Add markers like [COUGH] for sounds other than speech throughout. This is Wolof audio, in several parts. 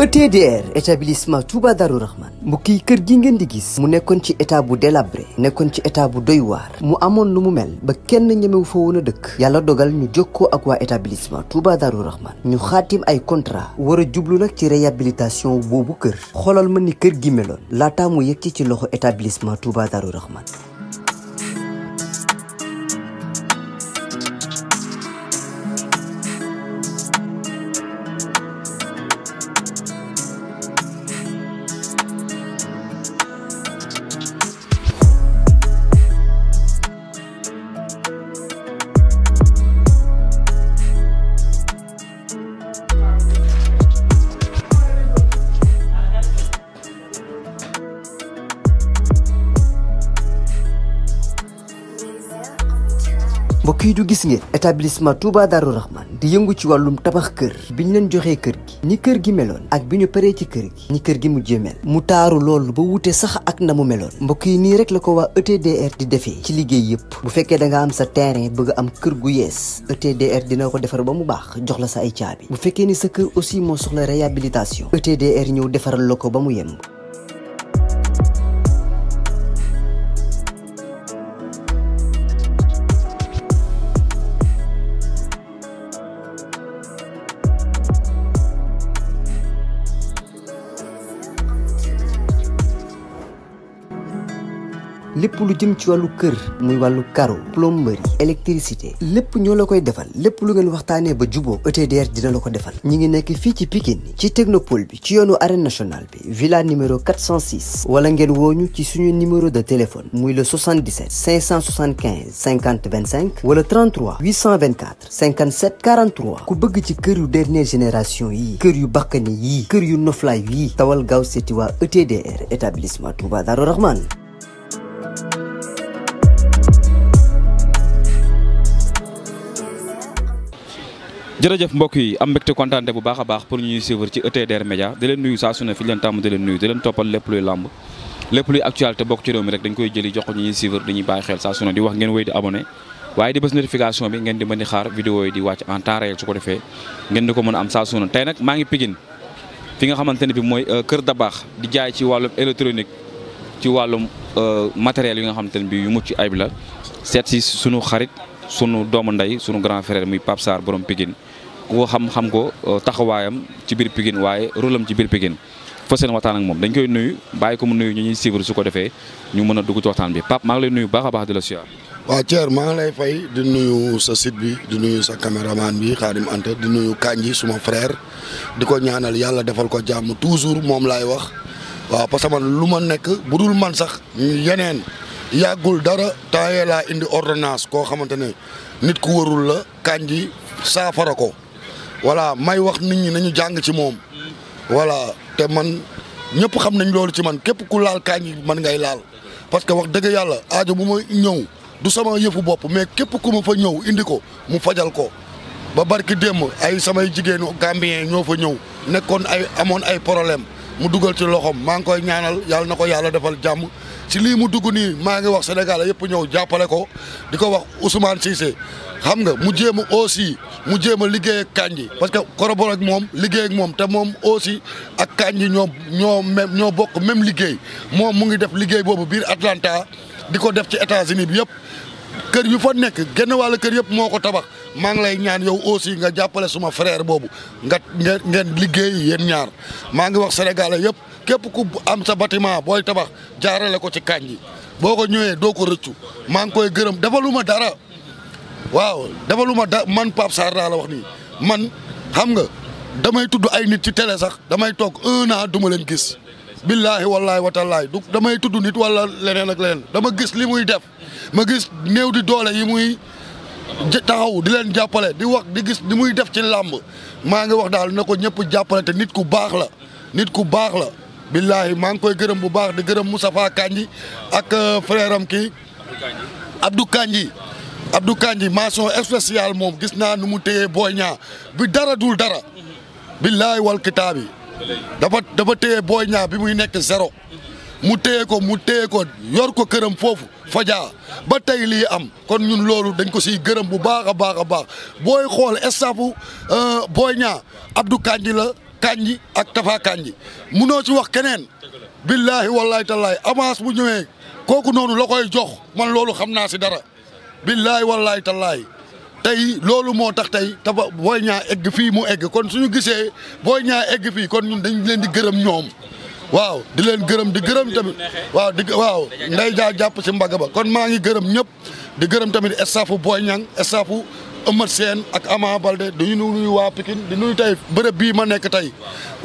ETDR établissement Touba Darou Rahman mbokk yi kër gi ngeen di gis mu nekkoon ci état bu délabré nekkoon ci état bu doy mu amoon lu mu mel ba kenn ñemewu fa woon a dëkk yàlla dogal ñu ko ak waa établissement Touba Darou Rahman ñu xaatim ay contrat war a jublu nag ci réhabilitation boobu kër xoolal ma ni kër gi meloon laataa mu yëg ci ci loxo établissement Touba Darou Rahman mbokk yi du gis ngeen établissement Touba Darou Rahman di yëngu ci wàllum tabax kër bi ñu leen joxee kër gi ni kër gi meloon ak bi ñu paree ci kër gi ni kër gi mujjee mel mu taaru loolu ba wute sax ak na mu meloon mbokk yi nii rek la ko waa ETDR di defee ci liggéey yëpp bu fekkee da nga am sa terrain bëgg am kër gu yees ETDR dina ko defar ba mu baax jox la sa ay caabi bu fekkee ni sa kër aussi moo soxla réhabilitation ETDR ñëw defaral la ko ba mu yemb lépp lu jëm ci wàllu kër muy wàllu carreau plomberie électricité lépp ñoo la koy defal lépp lu ngeen waxtaanee ba juboo ETDR dina la ko defal ñi ngi nekk fii ci Pikine ci technopole bi ci yoonu arène nationale bi villa numéro 406 wala ngeen wooñu ci suñu numéro de téléphone muy le 77 575 50 25 wala 33 824 57 43 ku bëgg ci kër yu dernière génération yi kër yu bakkani yi kër yu noflaay yi tawal gaaw seeti waa ETDR établissement Touba Darou Rahman jërëjëf mbokk yi am mbégte kontaante bu baax a baax pour ñu ñuy suivre ci ETDR Média di leen nuyu saa su ne fi leen tàmm di leen nuyu di leen toppal lépp luy làmb lépp luy actualité bokk ci réew rek dañ koy jëli jox ko ñu ñuy suivre dañuy bàyyi xel saa su ne di wax ngeen wéy di abonné waaye di bës notification bi ngeen di mën di xaar vidéo yi di wàcc en temps réel su ko defee ngeen di ko mën a am saa su tey nag maa ngi Pikine fi nga xamante ne bi mooy euh, kër Dabaax di jaay ci wàllum électronique ci wàllum euh, matériel yi nga xamante ne bii yu mucc ayib la seet si sunu xarit sunu doomu ndey sunu grand frère muy Pape Sarr borom Pikine ku ko xam-xam ko euh, taxawaayam ci biir Pikine waaye rôle am ci biir Pikine fa seen waxtaan ak moom dañ koy nuyu bàyyi ko mu nuyu ñu ñuy suivre su ko defee ñu mën a dugg ci waxtaan bi Pape maa ngi nuyu baax a di la siyaar. waaw Thier maa nuyu sa site bi di nuyu sa caméraman bi Khadim Anta di nuyu Kanji suma frère di ko ñaanal yàlla defal ko jàmm toujours moom laay wax. waaw parce que man lu ma nekk bu dul man sax yeneen yàggul dara temps laa indi ordonnance koo xamante ne nit ku warul la kànji saafara ko voilà may wax nit ñi nañu jàng ci moom voilà te man ñëpp xam nañu loolu ci man képp ku laal kànji man ngay laal parce que wax dëgg yàlla aajo bu ma ñëw du sama yëfu bopp mais képp ku ma fa ñëw indi ko mu fajal ko ba barki démb ay samay jigéenu Gambien ñoo fa ñëw nekkoon ay amoon ay problème mu dugal ci loxoom maa ngi koy ñaanal yàlla na ko yàlla defal jàmm ci lii mu dugg nii maa ngi wax Sénégal yëpp ñëw jàppale ko di ko wax Ousmane Cissé xam nga mu jéem a aussi mu jéem a liggéey ak Kandji parce que corroboré ak moom liggéey ak moom te moom aussi ak Kandji ñoo ñoo même ñoo bokk même liggéey moom mu ngi def liggéey boobu biir Atlanta di ko def ci États-Unis bi yëpp. kër yu fa nek genn wala kër yëpp moko tabax ma ngi lay ñaan yow aussi nga jappalé suma frère bobu nga ngeen liggéey yeen ñaar ma ngi wax sénégal yëpp képp ku am sa bâtiment boy tabax jaarale ko ci kanji boko ñëwé do ko rëccu ma ngi koy gërëm defaluma dara waaw man pap sar la wax ni man xam nga damay tuddu ay nit ci télé sax damay tok 1 an duma leen gis billahi wallahi wa tallahi damay tuddu nit wala leneen ak leneen dama gis limuy def ma gis néew di doole yi muy taxaw di leen jàppale di wax di gis di muy def ci làmb maa ngi wax daal na ko ñëpp jàppale te nit ku baax la nit ku baax la billaahi maa ngi koy gërëm bu baax di gërëm Moustapha Kandji ak euh, frère am kii Abdou Kandji Abdou Kandji mention spéciale moom gis naa nu mu téyee Boy Niang bi dara dul dara billaahi wal kitaabi dafa dafa téye Boy Niang bi muy nekk zéro mu téye ko mu téye ko yor ko këram foofu fajaa ba tey lii am kon ñun loolu dañ ko siy gërëm bu baax a baax a baax booy xool estafu euh, booy ñaa Abdou Kandji la Kandji ak Tafa mu noo ci wax keneen billaahi wallaahi tallaahi avance bu ñëwee kooku noonu la koy jox man loolu xam naa si dara billaahi wallaahi tallaahi tey loolu moo tax tey Tafa booy ñaa egg fii mu egg kon suñu gisee booy ñaa egg fii kon ñun dañ leen di gërëm ñoom waaw di leen gërëm di gërëm tamit waaw di waaw nday jaa jàpp si mbagg ba kon maa ngi gërëm ñëpp di gërëm tamit staffu Boy Niang staffu Eumeu Sène ak Ama Baldé di nuyu waa Pikine di nuyu tey bërëb bii ma nekk tey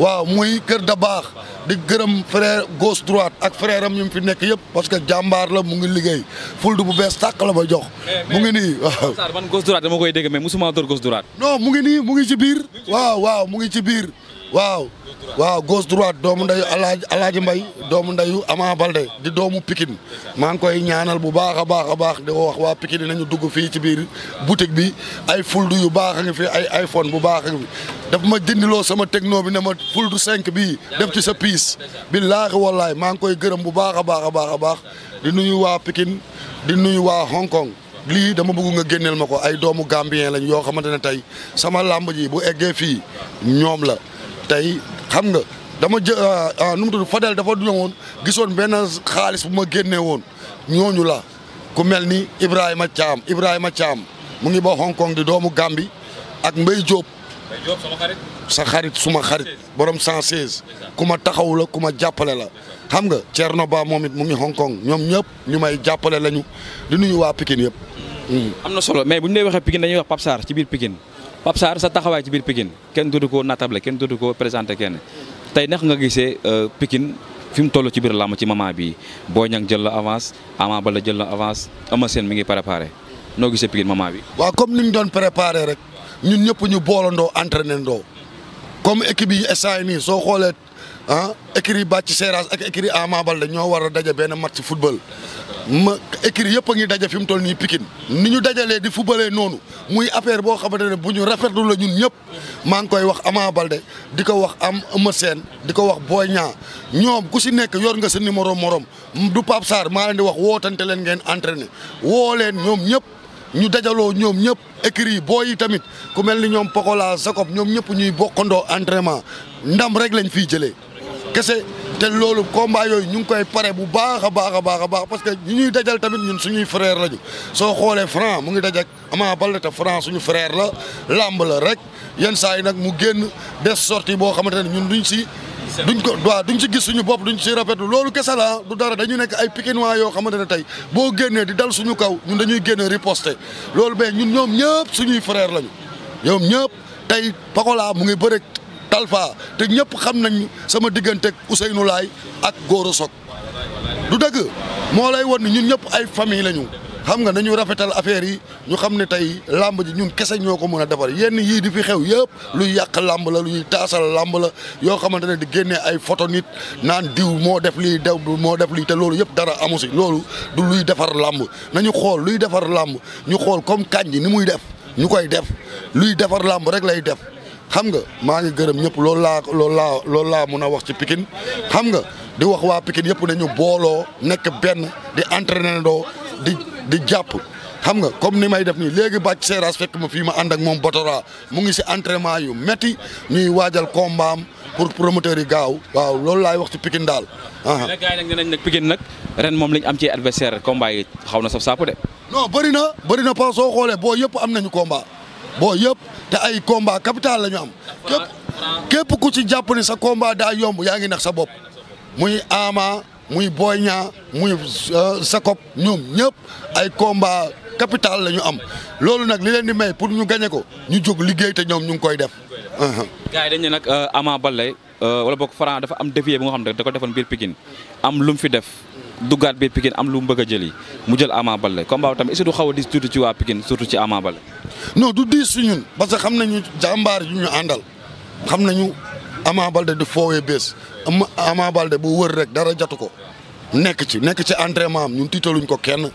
waaw muy Kër baax di gërëm frère gauche droite ak frère am ñu fi nekk yëpp parce que jàmbaar la mu ngi liggéey ful du bu bees tàq la ma jox. mu ngi nii waaw. man gauche droite dama koy dégg mais musuma door gauche droite. non mu ngi nii mu ngi ci biir. waaw waaw mu ngi ci biir. waaw waaw gauche droite doomu ndeyu alaaji alaaji mbay doomu ndeyu Ama Balde di doomu pikin maa ngi koy ñaanal bu baax a baax a baax di wax waa Pikine nañu dugg fii ci biir boutique bi ay fuldu yu baax a ngi fi ay iPhone bu baax fi daf ma dindiloo sama techno bi ne ma fuldu 5 bii def ci sa piis billaahi wallaahi maa ngi koy gërëm bu baax a baax a baax a baax di nuyu waa pikin di nuyu waa Hong Kong lii dama bëgg nga génneel ma ko ay doomu Gambien lañ yoo xamante ne tey sama làmb ji bu eggee fii ñoom la tey xam nga dama jë ah, ah, nu mu tudd Fadel dafa duna woon gisoon benn xaalis bu ma génnee woon ñooñu la ku mel ni Ibrahima Thiam Ibrahima caam mu ngi ba Hong Kong di doomu gàmbi ak Mbaye Diop sa xarit suma xarit borom 116 ku ma taxaw la ku ma jàppale la xam nga Thierno Ba moom it mu ngi Hong Kong ñoom ñëpp ñu may jàppale lañu di nuyu waa Pikine yëpp. am na solo mais bu ñu lay waxee Pikine dañuy wax Pape Sarr ci biir Pikine. Pape Sarr sa taxawaay ci biir Pikine kenn dootu ko natable kenn dootu ko présenté kenn tey ndax nga gisee euh, Pikine fi mu toll ci biir làmb ci moment bii boo Niang jël la avance Ama Baldé jël la avance Eumeu Sène mi ngi préparé noo gisee Pikine moment bi waa comme ni ñu doon préparé rek ñun ñëpp ñu boolandoo entraîné ndoo comme équipe yi instant nii soo xoolee ah écurie Bathie Seras ak écurie Ama Baldé ñoo war daje benn match football ma écrit yëpp a ngi daje fi mu toll nii Pikine ni ñu dajalee di fubalee noonu muy affaire boo xamante ne bu ñu rafetlu la ñun ñëpp maa ngi koy wax Ama Balde di ko wax am Eumeu Sène di ko wax Boy ñaa ñoom ku si nekk yor nga sa numéro morom du Pape Sarr maa leen di wax wootante leen ngeen entraîné woo leen ñoom ñëpp ñu dajaloo ñoom ñëpp écrit yi booy tamit ku mel ni ñoom Pokola Jacob ñoom ñëpp ñuy bokkandoo entraînement ndam rek lañ fiy jëlee. kese te loolu combat yooyu ñu ngi koy pare bu baax a baax a baax a baax parce que ñu ñuy dajal tamit ñun suñuy frère lañu soo xoolee Franc mu ngi dajak Ama Baldé te Franc suñu frère la làmb la rek yenn saa yi nag mu génn des sorties boo xamante ne ñun duñ si duñ ko waaw duñ si gis suñu bopp duñ si rafetlu loolu kese la du dara dañu nekk ay Pikinois yoo xamante ne tey boo génnee di dal suñu kaw ñun dañuy génne riposter loolu mais ñun ñoom ñëpp suñuy frère lañu ñoom ñëpp tey Pakola mu ngi bëre talfa te ñëpp xam nañ sama diggante ak Ousseynou Laay ak Goro Sock du dëgg moo lay won ni ñun ñëpp ay famille lañu xam nga nañu rafetal affaire yi ñu xam ne tey làmb ji ñun kese ñoo ko mën a defar yenn yii di fi xew yëpp luy yàq làmb la luy taasal làmb la yoo xamante ne di génnee ay photo nit naan diw moo def lii dew moo def lii te loolu yëpp dara amu si loolu du luy defar làmb nañu xool luy defar làmb ñu xool comme kañ ji ni muy def ñu koy def luy defar làmb rek lay def xam nga maa ngi gërëm ñëpp loolu laa loolu laa loolu mun a wax ci pikin xam nga di wax waa pikin yëpp nañu booloo nekk benn di entraîner doo di di jàpp xam nga comme ni may def nii léegi bàcc seeraas fekk ma fii ma ànd ak moom Batora mu ngi si entrement yu métti ñuy waajal combat am pour promoteur yi gaaw waaw loolu laay wax ci Pikine daal. mais ah. gars yi nag nañ nag Pikine nag ren moom lañ am ci adversaire combat yi xaw na saf saapu de. non bëri na bëri na parce soo xoolee boo yëpp am nañu combat. boo yëpp te ay combat capital la ñu am képp képp ku ci jàpp ni sa combat daa yomb yaa ngi nax sa bopp muy Ama muy Boy Niang muy euh, Sakop ñoom ñëpp ay combat capital la ñu am loolu nag li leen di may pour ñu gañe ko ñu jóg liggéey te ñoom ñu ngi koy def. gars yi dañ ne nag euh, Ama Baldé euh, wala boog Franc dafa am défi bu nga xam ne da ko defoon biir Pikine am lu fi def. duggaat biir Pikine am lu mu bëgg a jëli mu jël Ama Baldé combat bi tamit est-ce que du xaw a diis tuuti ci waa Pikine surtout ci Ama Baldé. non du diis su ñun parce que xam nañu jàmbaar yu ñu àndal xam nañu Ama Baldé di foowee bés ama Ama Baldé bu wër rek dara jatu ko nekk ci nekk ci entraînement am ñun tiitaluñ ko kenn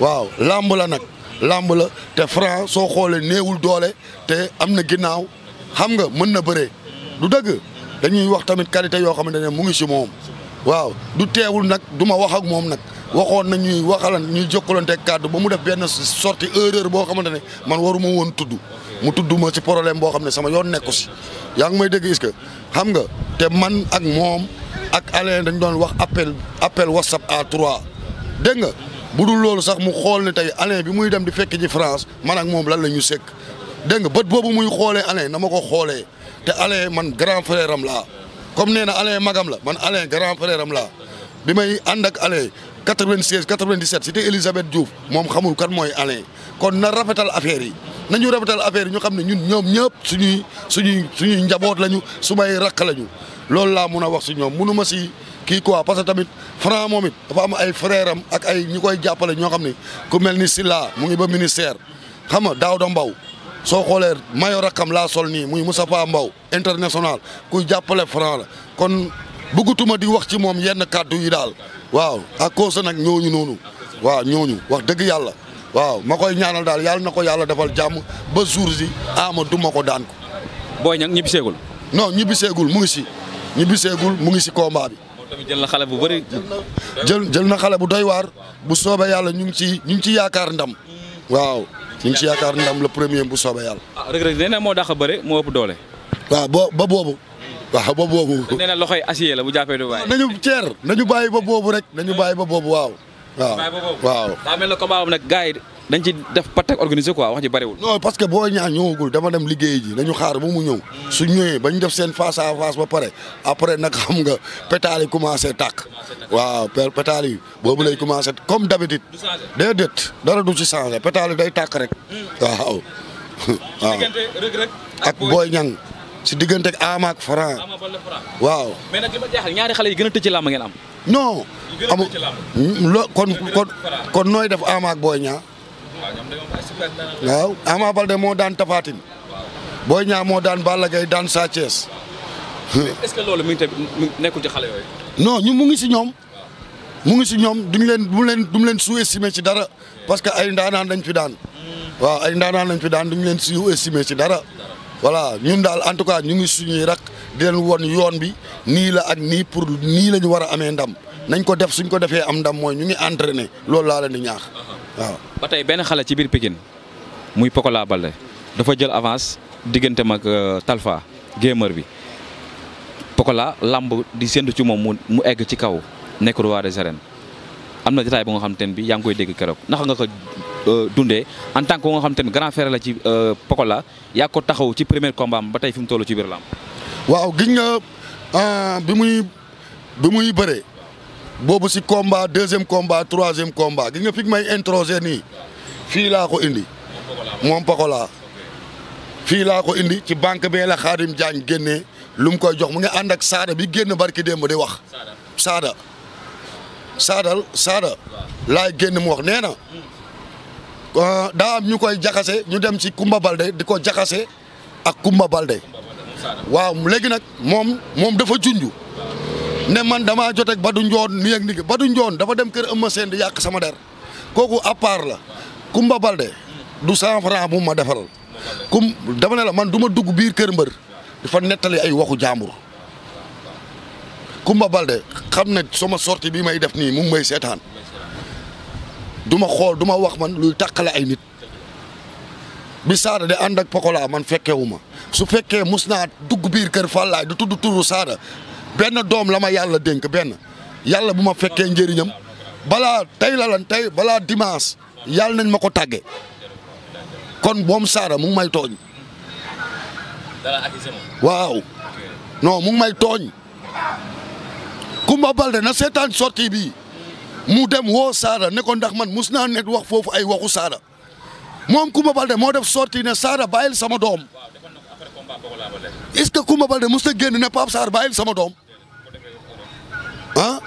waaw làmb la nag làmb la te Franc soo xoolee néewul doole te am na ginnaaw xam nga mën na bëree du dëgg dañuy wax tamit qualité yoo xamante ne mu ngi si moom. waaw du teewul nag du ma wax ak moom nag waxoon na ñuy waxalan ñuy jokkalante kàddu ba mu def benn sorti erreur boo xamante ne man waruma woon tudd mu tudd ma ci problème boo xam ne sama yoon nekku si yaa ngi may dégg est xam nga te man ak moom ak Alain dañu doon wax appel appel whatsapp à trois dégg nga bu dul loolu sax mu xool ne tey Alain bi muy dem di fekk ji France man ak moom lan la ñu sekk dégg bët boobu muy xoolee Alain na ma ko xoole te Alain man grand frère am laa comme nee na Alain magam la man Alain grand frère am laa bi may ànd ak Alain 96 97 cité Elisabeth Diouf moom xamul kan mooy Alain kon na rafetal affaire yi nañu rafetal affaire yi ñu xam ne ñun ñoom ñëpp suñuy suñuy suñuy njaboot lañu su may rakk lañu loolu laa mun a wax si ñoom munu ma si kii quoi parce que tamit Franc moom it dafa am ay frère ak ay ñu koy jàppale ñoo xam ne ku mel ni si laa mu ngi ba ministère xam nga Daouda Mbow soo mayor a kam laa sol nii muy Moustapha Mbow international kuy jàppale Franc la kon bëggatuma di wax ci moom yenn kàddu yi daal waaw à cause nag ñooñu noonu waaw ñooñu wax dëgg yàlla waaw ma koy ñaanal daal yàlla na ko yàlla defal jàmm ba jour si ama duma ko daan ko. booy ñag ñibbi seegul. non ñibbi mu ngi si ñibbi mu ngi si combat bi. tamit jël na xale bu bëri. jël jël na xale bu doy waar bu soobee yàlla ñu ngi ci ñu ngi ci yaakaar ndam waaw. ñu ngi si yaakaar ndam le premier bu soobee yàlla. ah Reug Reug moo dàq a bëre moo ëpp doole. waaw ba boobu. waaw ba boobu. nee na loxoy acier la bu jàppee du bàyyi. ñu ceer nañu bàyyi ba boobu rek ñu bàyyi ba boobu waaw. waaw waaw. daa mel ne combat am nag dañ ci def patek organiser quoi wax ji wul non parce que boo ñaa ñëwagul dama dem liggéey ji dañu xaar bu mu ñew su ñewé bañ def sen face à face ba pare après nak xam nga pétale commencer tak waaw pétale yi boobu lay commencer comme d'habitude déedéet dara du ci changer pétale day tak rek hmm. waaw [LAUGHS] ak boy ñang si digënté ak Ama ak Franc waaw mais nak li ma ñaari xalé yi gëna tecc lam ngeen am non kon kon kon noy def Ama ak Boy Niang waaw Ama Baldé moo daan Tapha booy Boy moo daan Balla Gaye daan Sa Thiès. est-ce loolu mi ngi nekkul ci xale yooyu. ñu mu ngi si ñoom. mu si ñoom duñu leen du leen duñu leen sous-estimer ci dara parce que ay ndaanaan lañ fi daan. Mm. waaw ay ndaanaan lañ fi daan duñu leen sous-estimer ci dara. voilà ñun daal en tout cas ñu ngi suñuy rak di leen won yoon bi nii la ak nii pour nii la ñu war a amee ndam mm. nañ ko def suñ ko defee am ndam mooy ñu ngi entraîné loolu laa leen di ñaax. Uh-huh. waaw ba tey benn xale ci biir Pikine muy Pokola Baldé dafa jël avance diggante mag euh, Talfa gémër bi poko la lamb di séntu ci moom mu egg ci kaw nekk roi des arènes am na jotaay bu nga xam te ne bi yaa koy dégg keroog naka nga ko euh, dundee en tant que nga xam te ne grand frère la ci euh, Pokola yaa ko taxaw ci premier combat ba tey fi mu toll ci biir lamb. waaw gis nga bi muy bi boobu si combat deuxième komba troisième komba gis nga fi may introsé nii fii laa ko indi moom Pokola fii laa ko indi ci banque bee la Xaadim Diagne génnee lu mu koy jox mu nga ànd ak saada bi génn barki démb di wax saada saadal saada laay génn mu wax neena na ah, ñu koy jaxase ñu dem ci Kumba Balde di ko jaxase ak Kumba Balde waaw léegi nag moom moom dafa junju ne man damaa jot ak Badou njoon nii ak nii Badou Ndione dafa dem kër Eumeu seen di yàq sama der kooku à la Kumba Balde du cent franc bu ma defaral kum dama ne man duma ma dugg biir kër mbër dafa nettali ay waxu jàmbur Kumba Balde xam ne sama sortie bii may def nii mu may seetaan duma xool duma wax man luy tàqale ay nit bi Saada de ànd ak pokolaa man fekkewuma su fekkee mus naa dugg biir kër Fallaay du tudd turu Saada benn doom la ma yàlla dénk benn yàlla bu ma fekkee njëriñam balaa tey la tey balaa dimanche yàlla nañ ma ko tàgge kon boom saara mu ngi may tooñ waaw noo mu ngi may tooñ Kumba Balde na seetaan sortie bi mu dem woo saara ne ko ndax man mus naa net wax foofu ay waxu saara moom Kumba Balde moo def sortie ne saara bàyyil sama doom est-ce que Kumba Balde mus na génn ne Pape Sarr bàyyil sama doom ah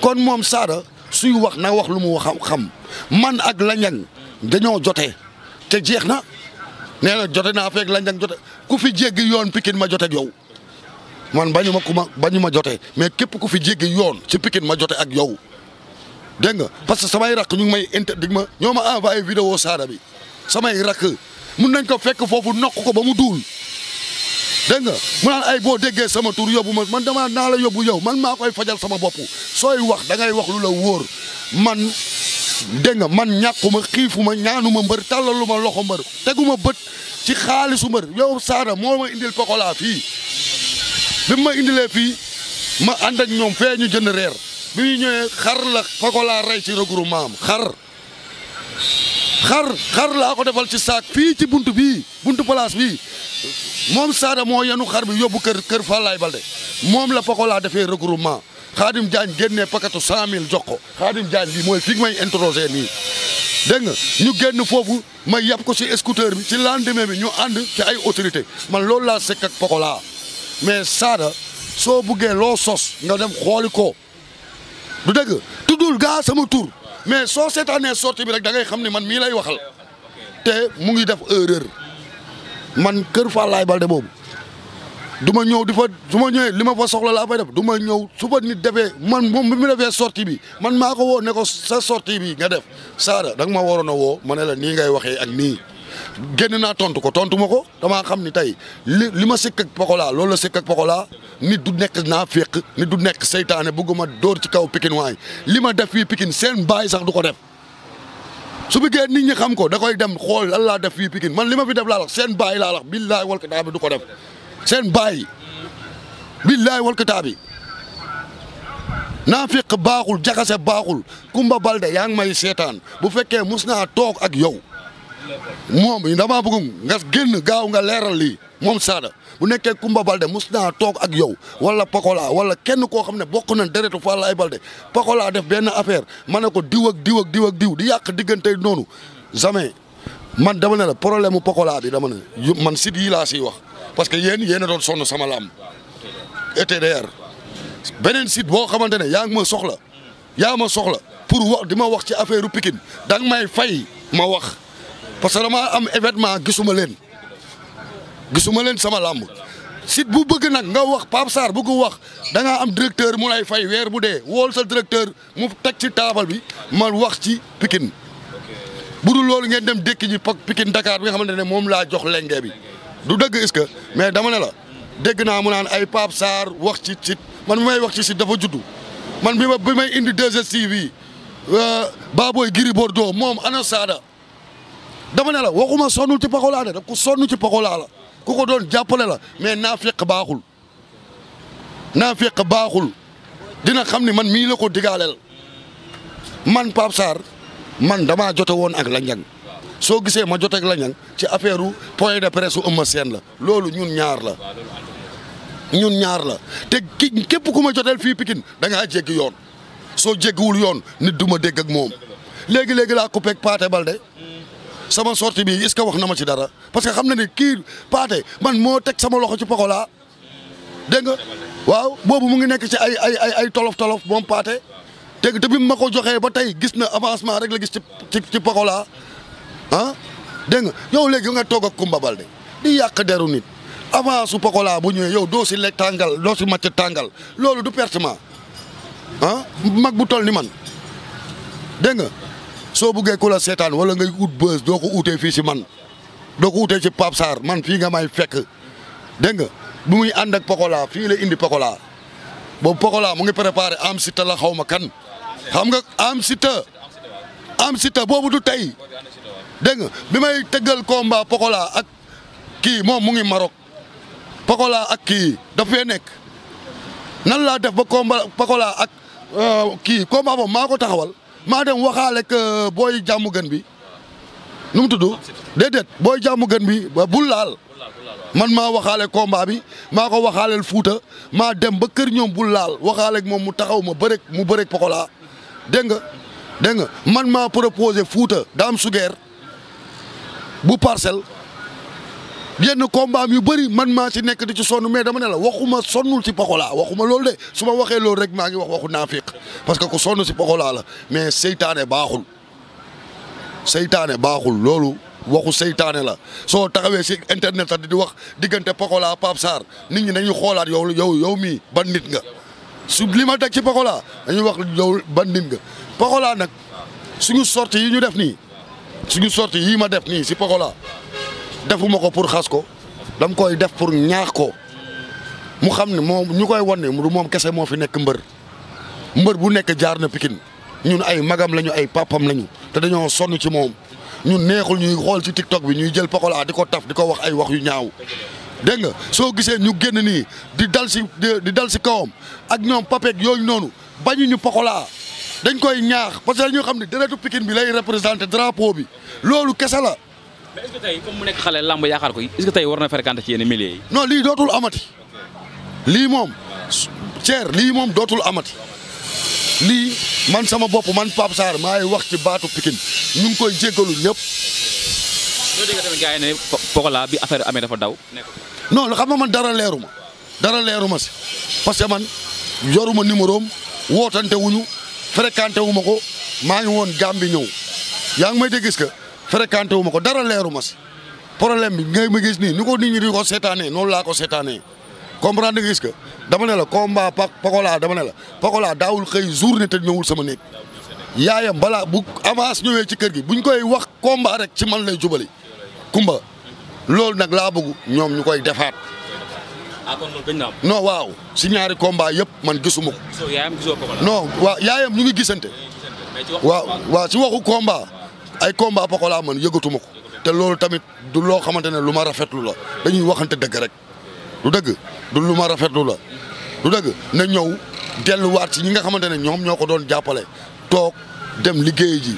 kon moom Sada suy wax na wax lu mu wax xam man ak Landiang dañoo jote te jeex na nee na jote naa feeg Landiang jote ku fi jéggi yoon Pikine ma jote ak yow man bañu ma ku ma bañu ma jote mais képp ku fi jéggi yoon ci pikin ma jote ak yow dégg nga parce que samay rakk ñu may interdit ma ñoo ma envoyé vidéo Sada bi samay rakk mun nañ ko fekk foofu nokk ko ba mu duul. Dengar, nga mu naan ay bo sama tour yobou ma man dama na la yobou ya yow ya. man makoy sama bop soy wax da ngay wax lu la wóor man dégg nga man ñakuma xifuma ñaanuma mbeur talaluma loxo mbeur teguma beut ci xaalisu mbeur yow Saara moo ma indil Pokola fi bi ma indilee fii ma and ak ñom feñu ñu jënd reer bi ñu ñëw xar la Pokola ray ci mam xar xar xar la ko defal ci sac fi ci buntu bi buntu place bi moom Sada moo yenu xar bi yóbbu kër kër Fallaye Balde moom la Pokola defee regroupement Khadim jaañ génnee paquetu 100000 jox ko Khadim Diagne bi mooy fi may interroger nii. dégg nga ñu génn foofu ma yab ko si scooter bi ci lendemain bi ñu ànd ci ay autorité man loolu laa sekk ak Pokola mais Sada soo buggee loo sos nga dem xooli ko du dëgg tuddul gaa sama tur mais soo seetaanee sortie bi rek da ngay xam ne man mii lay waxal te mu ngi def erreur. man kër Fallaye Balde boobu du ma ñëw di fa du ma ñëwee li ma fa soxla laa fay def du ma ñëw su fa nit defee man moom bi mu defee bi man maa ko woon ne ko sa sorti bi nga def Sada da ma waroon a woo ma ne la nii ngay waxee ak nii génn naa tontu ko tontu ma ko damaa xam ni tey li li ma sëkk ak Pokola loolu la sëkk ak nit du nekk naa féq nit du nekk seytaane bëgguma door ci kaw pikin waay li ma def fii pikin seen baay sax du ko def. su bëggee nit ñi xam ko da koy dem xool lan laa def fii Pikine man li ma fi def laa lax seen baay laa lax billaay wal kitaabi du ko def seen baay billaay wal kitaabi naafiq baaxul jaxase baaxul Kumba Balde yaa ngi may seetaan bu fekkee mus naa toog ak yow moom damaa bëgg nga génn gaaw nga leeral lii moom Sada. bu nekkee Kumba Balde mus naa toog ak yow wala Pakola wala kenn koo xam ne bokk nañ deretu Falla ay Balde Pakola def benn affaire ma ne ko diw ak diw ak diw ak diw di yàq diggante noonu jamais man dama ne la problème mu Pakola bi dama ne man sit yi laa siy wax parce que yéen yéen a doon sonn sama laam ETDR beneen site boo xamante ne yaa ngi ma soxla yaa ma soxla pour wax di ma wax ci affaire u Pikine da ma may fay ma wax parce que ma am événement gisuma leen gisuma leen sama làmb sit bu bëgg nag nga wax Pape Sarr bëgg wax da am directeur mu lay fay weer bu dee wool sa directeur mu teg ci taabal bi ma wax ci Pikine bu dul loolu ngeen dem dëkk ji Pikine Dakar bi nga xamante ne moom laa jox lengee bi du dëgg est-ce mais dama ne la dégg naa mu naan ay Pape Sarr wax ci sit man bi may wax ci sit dafa juddu man bi ma may indi 2STV yi euh, Baboy Giri Bordeaux moom ana Sada dama ne la waxuma sonnul ci Pakola de daf ko sonn ci Pakola la. ku ko doon jàppale la mais naa fekk baaxul naa fekk baaxul dina xam ni man mii la ko digaaleel man Pape Sarr man damaa jote woon ak la njang soo gisee ma jote ak lañan ci affaire u point de presse u la loolu ñun ñaar la ñun ñaar la te ki képp ku ma joteel fii pikin da ngaa yoon soo jéggiwul yoon nit du ma dégg ak moom léegi-léegi la coupé ak Paate Balde sama sortie bii est-ce que wax na ma ci dara parce que xam na ni kii Pathé man moo teg sama loxo ci Pokola dégg nga waaw boobu mu ngi nekk ci ay ay ay ay tolof tolof moom Pathé dégg te bi ma ko joxee ba tey gis na avancement rek la gis ci ci ci Pokola ah dégg nga yow léegi nga toog ak Kumba di yàq deru nit avance su Pokola bu ñëwee yow doo si lekk tàngal doo si màcc tàngal loolu du pertement ah mag bu toll ni man dégg nga so buggee kula setan seetaan wala ngay out bës doko outé fi ci man doko outé ci pap sar man fi nga may fekk deng nga bu muy and ak Pokola fi la indi Pokola bo Pokola mu ngi préparer am sita la xawma kan xam nga am sita am sita bobu du tay deng nga bi may combat Pokola ak ki mom mu ngi Maroc Pokola ak ki da fe nek nan la def ba combat Pokola ak euh, ki combat mom mako taxawal maa dem waxaale ak euh, booy jàmm gën bi nu mu tudd déedéet booy jàmm gën bi bul laal man maa waxaale combat bi maa ko waxaaleel fuuta maa dem ba kër ñoom bul laal waxaale moom mu taxaw ma bërek mu bërek pokola dégg nga dégg man ma proposé fuuta daam sugeer bu parcelle bien combat yu bëri man ma si nek di ci sonu mais dama ne la waxuma sonul si Pokola waxuma lol de suma waxe lol rek ma ngi wax waxu nafiq parce que ko sonu si Pokola la mais seytaane baxul seytaane baxul lolou waxu seytaane la so taxawé si internet sax di wax diggante Pokola pap sar nit ñi nañu yau yow yow yow mi ban nit nga su tak ma ci Pokola dañu wax yow ban nit nga Pokola nak suñu sortie yi ñu def ni suñu sortie yi ma def si Pokola defuma ko pour xas ko dam koy def pour ñaax ko mu xam ne moom ñu koy wan ne du moom kese moo fi nekk mbër mbër bu nekk jaar na pikin ñun ay magam lañu ay papam lañu te dañoo sonn ci moom ñun neexul ñuy xool ci TikTok bi ñuy jël Pokola di ko taf di ko wax ay wax yu ñaaw. dégg nga soo gisee ñu génn nii di dal si di dal si kawam ak ñoom papeek yooyu noonu bañuñu Pokola dañ koy ñaax parce que dañoo xam ne deretu pikin bi lay représenté drapeau bi loolu kese la. mais est-ce que tey comme mu nekk xale làmb yaakaar ko est-ce que tey war na fréquenter ci yenn milliers yi. lii dootul amati lii moom Thierre lii moom dootul amati lii man sama bopp man Pape Sarr maay wax ci baatu Pikine ñu ngi koy jéggalu ñëpp. soo bi affaire amee dafa daw. non xam nga man dara leeruma dara leeruma si parce que man yoruma numéro am wootante wuñu fréquenté ko maa ngi woon Gàmbi ñëw yaa ngi may dégg gis ka fréquenté wu ma ko dara leeru ma si problème bi ngay ma gis nii ni ko nit ñi di ko seetaanee noonu laa ko seetaanee comprendre nga gis que dama ne la combat Pokola dama ne la Pokola daawul xëy journée te ñëwul sama néeg yaayam balaa bu avance ñëwee ci kër gi buñ koy wax combat rek ci man lay jubali kumba loolu nag laa bëgg ñoom ñu koy defaat. ah waaw si ñaari komba yëpp man gisuma ko. gisoo waaw yaayam ñu ngi gisante. waaw waaw si waxu combat. ay combat Pokola man yëgatuma ko te loolu tamit du loo xamante ne lu ma rafetlu la dañuy waxante dëgg rek du dëgg du lu ma rafetlu la du dëgg na ñëw waat ci ñi nga xamante ne ñoom ñoo ko doon jàppale toog dem liggéey ji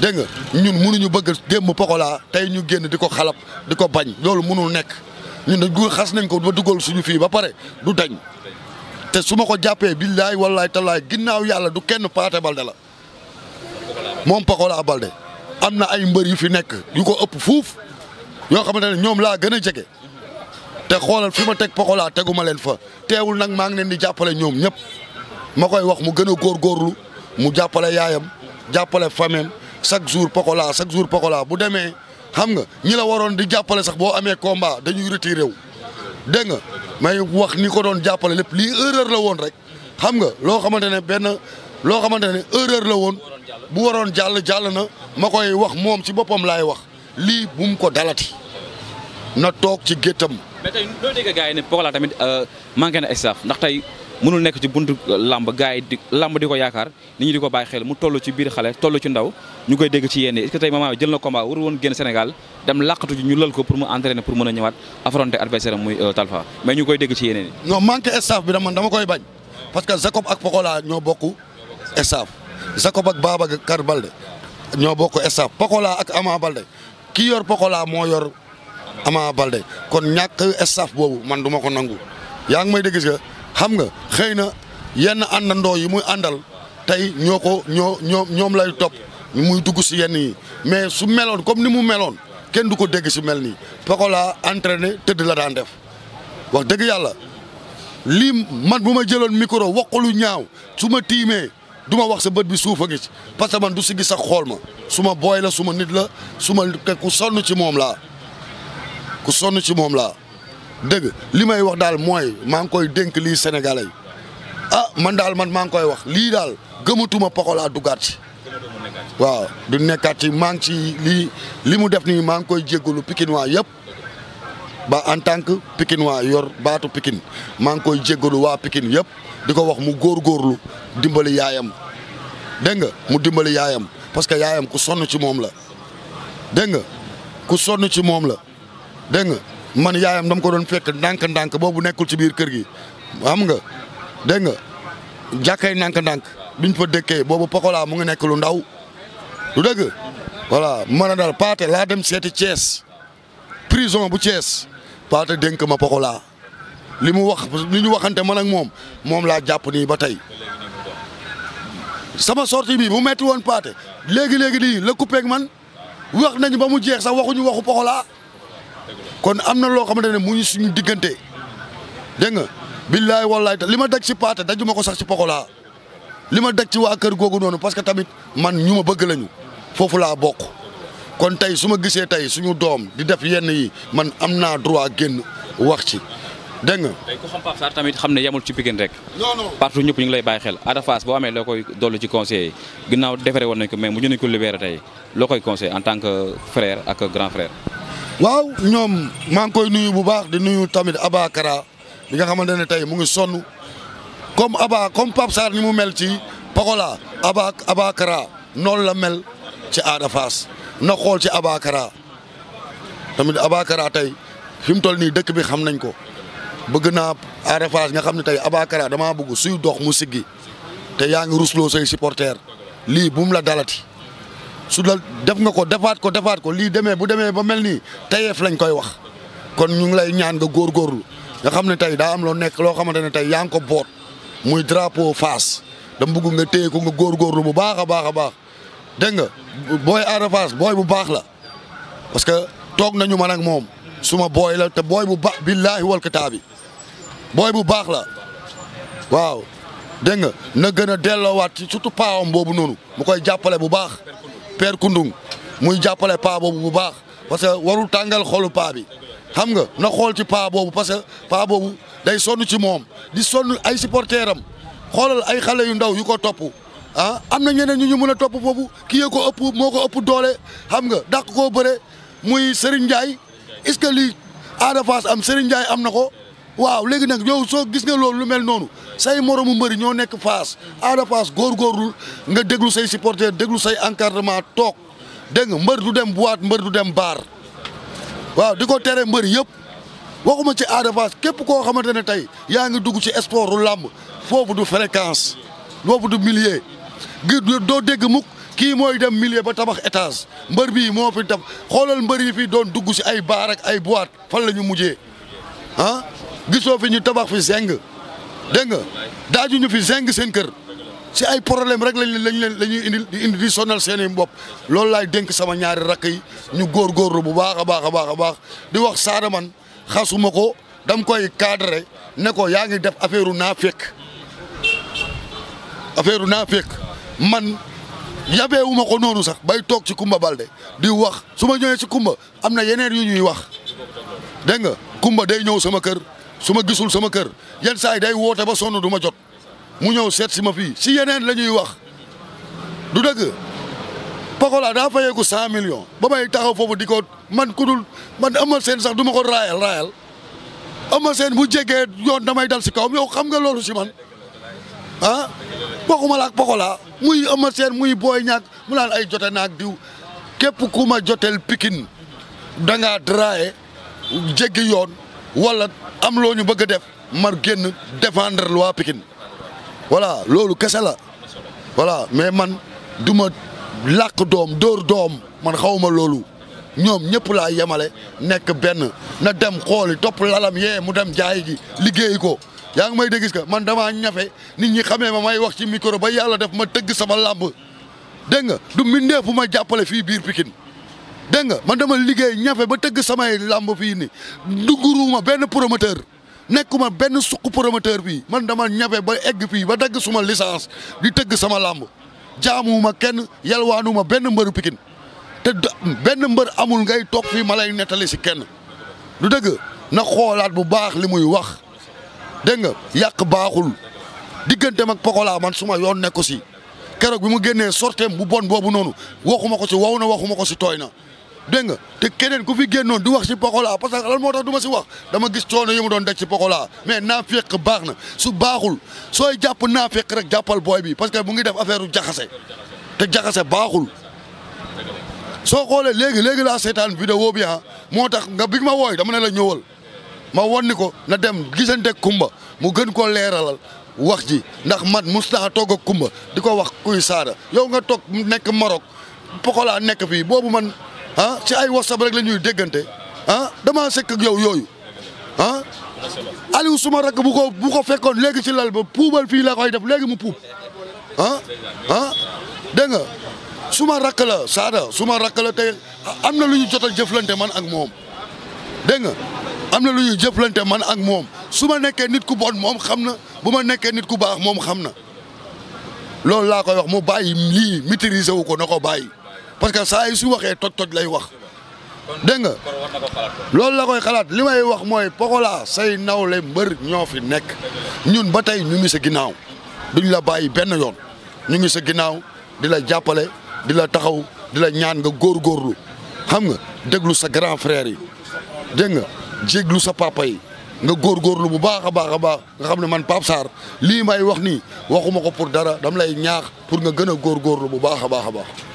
dégg nga ñun mënuñu bëgg démb Pokola tey ñu génn di ko xalab di ko bañ loolu mënul nekk ñun dañ ko xas nañ ko ba dugal suñu fii ba pare du dañ te su ma ko jàppee billaay wallaay tallaay ginnaaw yàlla du kenn Pathé Baldé la moom Pokola am na ay mbër yu fi nekk yu ko ëpp fuuf yoo xamante ne ñoom laa gën a jege te xoolal fi ma teg Pokola teguma leen fa teewul nag maa ngi leen di jàppale ñoom ñëpp ma koy wax mu gën a góorgóorlu mu jàppale yaayam jàppale famem chaque jour Pokola chaque jour Pokola bu demee xam nga ñi la waroon di jàppale sax boo amee combat dañu retiré wu. dégg nga may wax ni ko doon jàppale lépp lii erreur la woon rek xam nga loo xamante ne benn loo xamante ne la woon bu waroon jàll jàll na ma koy wax moom ci boppam laay wax lii bu mu ko dalati na toog ci géttam. mais tey loo dégg gars yi ne Pokola tamit euh, manqué na staff ndax tey mënul nekk ci buntu làmb gars yi di làmb di ko yaakaar nit ñi di ko baay xel mu toll ci biir xale toll ci ndaw ñu koy dégg ci yenn est ce que tey maman jël na combat warul woon génn Sénégal dem làqatu ñu lal ko pour mu entraîner pour mën a ñëwaat affronter adversaire muy euh, Talfa mais ñu koy dégg ci yeneen yi. non manqué staff bi dama dama koy bañ parce que Jacob ñoo bokk staff. Jacob ak Baba Kar Balde ño bokk esa Pokola ak Ama Balde ki yor Pokola mo yor Ama Balde kon ñak esaf bobu man duma ko nangu yaa ngi may dégg nga xam nga xeyna na yenn andando yi muy andal tay ñoo ko ñoo ñom ñoom lay top muy dugg ci yenn yi mais su melone comme ni mu melone kenn duko ko ci melni Pokola entraîné teud la daan def wax dëgg yalla lim man bu ma jëloon micro waxulu ñaaw suma timé du ma wax sa bët bi suuf a ngi ci parce que man du si gis sax xool ma su ma booy la su ma nit la su ma ku sonn ci moom la sonn ci moom laa dëgg li may wax daal mooy maa ngi koy dénk lii sénégalais yi ah man daal man maa ngi koy wax lii daal gëmatuma pokolaa dugaat ci waaw du nekkaat ci maa ngi ci lii li mu def ni maa ngi koy jéggalu pikinois yëpp baa en tant que pikinois yor baatu pikin maa ngi koy jéggalu waa pikin yëpp di ko wax mu góor góorlu dimbali yaayam dégg nga mu dimbali yaayam parce que yaayam ku sonn ci moom la dégg nga ku sonn ci moom la dégg nga man yaayam dama ko doon fekk ndànk-ndànk boobu nekkul ci biir kër gi am nga dégg nga jàkkay ndànk-ndànk biñ fa dëkkee boobu Pokola mu ngi nekk lu ndaw lu dëgg voilà mën a daal paate laa dem seeti Thiès prison bu Thiès Pathé dénk ma Pokola li mu wax li ñu waxante man ak moom moom laa jàpp nii ba tey sama sortie bi bu metti woon Pathé léegi léegi nii la coupé man wax nañ ba mu jeex sax waxuñu waxu Pokola kon am na loo xamante ne mu suñu diggante dégg nga billaay wallaay li ma daj si Pathé dajuma ko sax si Pokola li ma daj ci waa kër googu noonu parce que tamit man ñu ma bëgg lañu foofu laa bokk. kon tey su ma gisee tey suñu doom di def yenn yi man am naa droit génn wax ci dégg nga. tey ku xam tamit xam ne yemul ci Pikine rek. non non partout ñëpp ñu ngi lay bàyyi xel Ada Fass boo amee loo koy dollu ci conseil yi ginnaaw defaree woon nañ ko mais mujj nañ ko libéré loo koy conseil en tant que frère ak grand waaw ñoom maa ngi koy nuyu bu baax di nuyu tamit Abakara bi nga xamante ne tey mu ngi sonn comme Aba comme Pape Sarr ni mu mel ci Pokola Aba Abakara noonu la mel ci Ada Fass na xool ci Abakara tamit Abakara tey fi mu toll nii dëkk bi xam nañ ko bëgg naa Ada Fass nga xam ne tey Abakara damaa bëgg suy dox mu siggi te yaa ngi rusloo say supporter lii bu mu la dalati su dal def nga ko defaat ko defaat ko lii demee bu demee ba mel ni tayeef lañ koy wax kon ñu ngi lay ñaan nga góorgóorlu nga xam ne tey daa am loo nekk loo xamante ne tey yaa ngi ko boot muy drapeau Fass dama bëgg nga téye ko nga góorgóorlu bu baax a baax a baax dégg nga booy Ada booy bu baax la parce que toog nañu man ak moom suma booy la te booy bu baax billaahi wal kitaabi booy bu baax la waaw dégg nga na gën a delloowaat ci surtout paawam boobu noonu mu koy jàppale bu baax Père Koundung muy jàppale paa boobu bu baax parce que warul tàngal xolu paa bi xam nga na xool ci paa boobu parce que paa boobu day sonn ci moom di sonn ay supporteram xoolal ay xale yu ndaw yu ko topp ah am na ñeneen ñu ñu mën a topp foofu kii yee ko ëpp moo ko ëpp doole xam nga dàq koo bëre muy Serigne Ndiaye est-ce que lii Ada am Serigne Ndiaye am na ko waaw léegi nag yow soo gis nga loolu lu mel noonu say moromu mbëri ñoo nekk Fass Ada Fass góorgóorlu nga déglu say supporters déglu say encadrement toog dégg nga mbër du dem boîte mbër du dem baar waaw di ko tere mbër yëpp waxuma ci Ada Fass képp koo xamante ne tey yaa ngi dugg ci sport ru làmb foofu du fréquence foofu du millier. doo dégg mukk kii mooy dem millier ba tabax étage mbër bii moo fi tab xoolal mbër yi fii doon dugg si ay baar ak ay boîte fan la ñu mujjee ah gisoo fi ñu tabax fi zeng dégg nga daaju fi zeng seen kër si ay problème rek lañ lañ leen la ñuy di indi di sonal seen i bopp loolu laay dénk sama ñaari rakk yi ñu góor bu baax a baax a baax a baax di wax Sada man xasuma ko dam koy cadré ne ko yaa ngi def affaire u naa fekk affaire naa fekk man yabeewuma ko noonu sax bay toog ci Kumba Balde di wax su ma ñëwee ci Kumba am na yeneen yu ñuy wax dégg nga Kumba day ñëw sama kër su ma gisul sama kër yenn saa yi day woote ba sonn du ma jot mu ñëw seet si ma fii si yeneen la ñuy wax du dëgg Pokola daa fayeeku cent millions ba may taxaw foofu di ko man ku dul man Eumeu Sène sax du ma ko raayal raayal Eumeu Sène bu jegee yoon damay dal si kaw kawam yow xam nga loolu si man ah waxuma la Pokola muy Eumeu muy booy Niang mu laal ay jote naak diw képp ku ma jotel pikin danga ngaa draye yoon wala am loo ñu bëgg a def mar génn défendre loi pikin voilà loolu kese la voilà mais man duma ma doom dóor doom man xawma loolu ñoom ñëpp laa yemale nekk benn na dem xooli topp lalam yee mu dem jaay ji liggéey ko yang may dégg ka man dama ñafé nit ñi xamé ma may wax ci micro ba yalla def ma tëgg sama lamb denga, nga du mbindeef bu ma jappalé fi biir Pikine deeng nga man dama liggéey ñafé ba tëgg sama lamb fi ni dugguruuma ben promoteur nekuma ben suq promoteur bi man dama ñafé ba egg sama ba dagg suma licence di tëgg sama làmb jaamuwuma kenn yalwaanuma ben mbeur Pikine te ben mbeur amul ngay tok fi malay lay ci kenn du deug na xolaat bu baax limuy wax deng yak yàq baaxul digganteem ak Pokola man suma yon nek si keroog bi mu genné sortem bu bon bobu nonu waxuma ko si wow na waxuma ko si tooy na te keneen ku fi gennon du wax si Pokola parce que lan motax duma ci si wax dama gis toona yimu don doon daj Pokola mais nafiq baax su baaxul soy japp nafiq rek jappal boy bi parce que mu ngi def affaireu jaxasse te jaxasse baaxul soo xoolee legui léegi laa seetaan vidéo bi ha ah. motax nga bigma woy dama ne la ñewal ma wan ni ko na dem gisante kumba mu gën koo leeralal wax ji ndax man mustaxa toog ak kumba di ko wax kuy saada yow nga toog nekk Maroc Pokola nekk fii boobu man ah ci ay WhatsApp rek la ñuy déggante ah damaa sekk yow yooyu ah Aliou suma rak bu ko bu ko fekkoon léegi ci lal ba puubal fii la koy def léegi mu puub ah, ah. dégg nga suma rakk la saada suma rakk la tey am na lu ñu jot a jëflante man ak moom dégg nga am na lu ñuy jëflante man ak moom su ma nekkee nit ku bon moom xam na bu ma nekkee nit ku baax moom xam na loolu laa koy wax mu bàyyi lii maîtriser wu ko na ko bàyyi parce que saa yi su waxee toj-toj lay wax dégg nga loolu la koy xalaat li may wax mooy Pokola say nawle mbër ñoo fi nekk ñun ba tey ñu ngi sa ginnaaw duñ la bàyyi benn yoon ñu ngi sa ginnaaw di la jàppale di la taxaw di la ñaan nga góor góorgóorlu xam nga déglu sa grand frère yi dégg nga jéglu sa papa yi nga góorgóorlu bu baax a baax a baax nga xam ne man Pape Sarr lii may wax nii waxuma ko pour dara dam lay ñaax pour nga gën a góorgóorlu bu baax a baax a baax